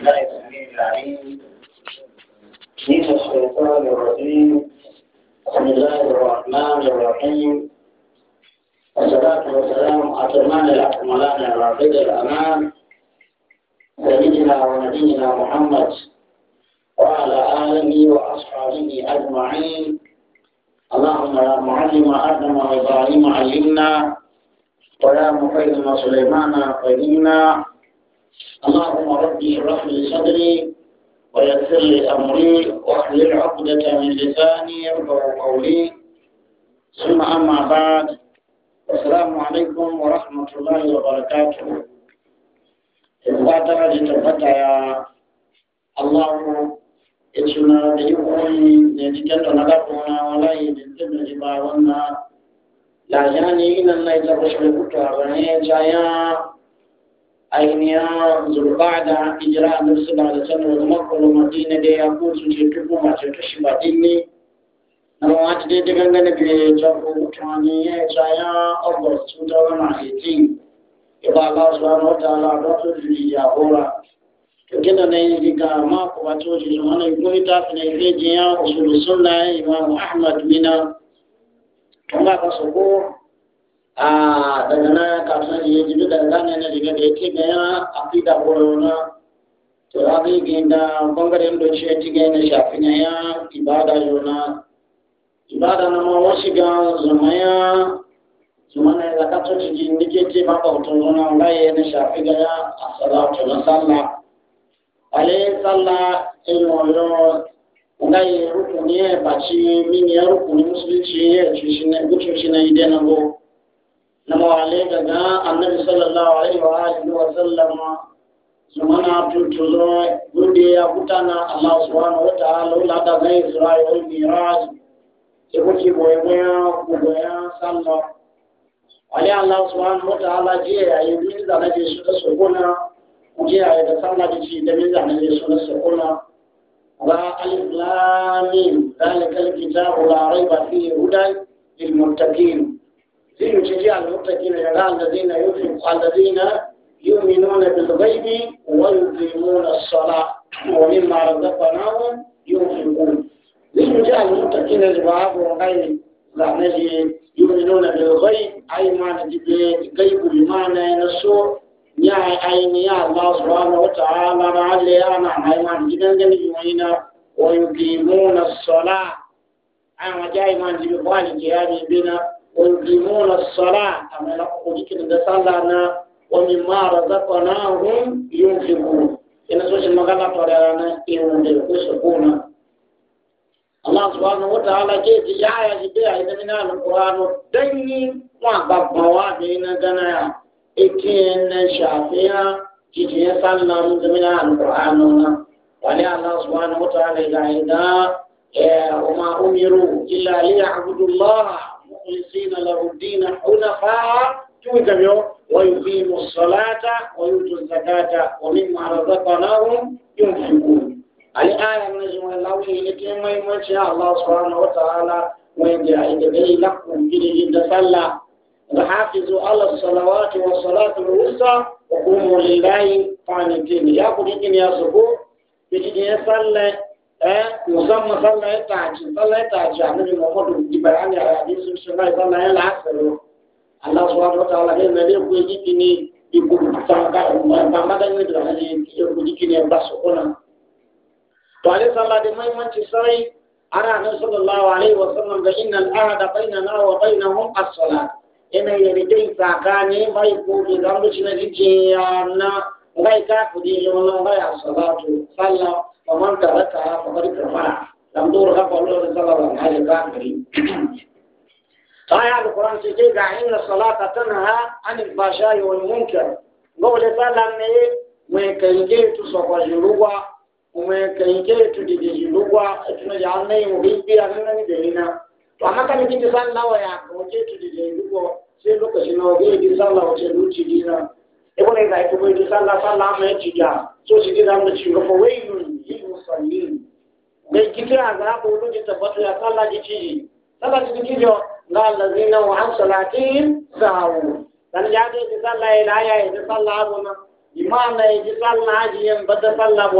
الله السميع العليم من الشيطان الرجيم بسم الله الرحمن الرحيم والصلاة والسلام أتمان الأكملان الرافد الأمان سيدنا ونبينا محمد وعلى آله وأصحابه أجمعين اللهم يا معلم آدم وإبراهيم علمنا ويا مفهم سليمان فهمنا اللهم ربي اشرح لي صدري ويسر لي أمري واحلل عقدة من لساني يرفع قولي ثم أما بعد السلام عليكم ورحمة الله وبركاته إخواتنا لتفتح الله إتشنا بيقوم نتكت نلقنا ولا يدتنا جباونا لا يعني إن الله يتبشر بكتابنا جايا أين ينظر بعد إجراء النبي صلى الله عليه وسلم ومكة ومدينة دي أقول سجدكم ما تشبه ديني نما أجد دعنا نبي جابوا تاني جايا أبوس سودا ما هيتين يبقى الله سبحانه وتعالى رسول جيجا هورا kina na yin diga ma ko ba to shi mana yi ta fi na yi jiya daga na kasuwa ya ji da gane na daga da yake ga yana afirka korona to ya zai ga da bangaren da ce ti ga yana shafi na ya ibada yana ibada na ma wasu ga zuma ya zuma na ya kato ciki nike ce ma bautan zuna ga yana shafi ga ya a salatu na sallah ale sallah inoyo nga ye rukuni ya baci min ya rukuni musulunci ya cuci na idanago நம்ம அலேகங்க அன்னபி சொல்லல்லா அலைவா இது வசல்லம்மா சுமனா சொல்றோம் குருடியா புட்டானா அல்லா சுவான லாட்டா கை சுராய் ஒரு மிராஜ் எகுச்சி போயமையா குபோயா சல்லா அலே அல்லா சுவான் தாலா ஜே ஐபின் தான ஜே சுட சுகுனா ஜே ஐத சல்லா ஜி தமிழ் தான ஜே சுட சுகுனா அலா அலிஃப் லாமீம் ذلك الكتاب لا ريب فيه هدى للمتقين ليجزي المتقين يرى الذين الذين يؤمنون بالغيب ويقيمون الصلاة ومما رزقناهم ينفقون ليجزي المتقين الباب وغير لعنه يؤمنون بالغيب أي معنى غيب بمعنى نسو يا عين الله سبحانه وتعالى لعلي أنا أي جدا يؤمنون ويقيمون الصلاة أنا جاي معنى جدا بنا يلزمون الصلاة أما نقول كده صلانا ومما رزقناهم ينفقون إن سوش مغلا طريانا ينفقون Allah subhanahu wa ta'ala ke ji da mina alqur'ano dan yi wa babba wa da na ya ikin na shafiya ki ya mina alqur'ano na wani Allah subhanahu ga umiru مخلصين له الدين حنفاء توجبوا ويقيموا الصلاة ويؤتوا الزكاة ومما رزقناهم ينفقون الآية من جمع الله إليك ما يمشي الله سبحانه وتعالى وإن جاهد به لكم به إن صلى وحافظوا على الصلوات والصلاة الوسطى وقوموا لله قانتين يا قدين يا صبور بجد يصلي Eh, musamman sallar taji sallar taji annabi muhammadu bayani a hadisin shi mai sallar yana asiru allah subhanahu wa ta'ala ne ne ku yi kini ibu tanga ba madan ne da hali ku yi kini ba su kuna to sai ana nan sallallahu alaihi wa sallam wa as ina mai ku da na na ngai ka ku di ngai as-salatu ومن تركها فقد كفر لم دورها فالله صلى الله عليه وسلم آية القرآن سيجيك إن الصلاة تنهى عن الفحشاء والمنكر قول صلى mwekenge tu sokwa jiruwa mwekenge tu dide jiruwa tuna jane mubibi anana ni delina to amaka ni kiti sala wa ya koje tu dide jiruwa sai lokacin na oge di sala wa chelu chidina ebo ne ga ito ko di sala sala me chida so chidina me chiruwa for way you mai kike a ga ko lokaci tabbatu ya sallah ji ci sallah ji ci jo ga allazina wa an salatin sahu dan ya ga ji sallah ila ya ji sallah abuna imam na ji sallah ji yan badda sallah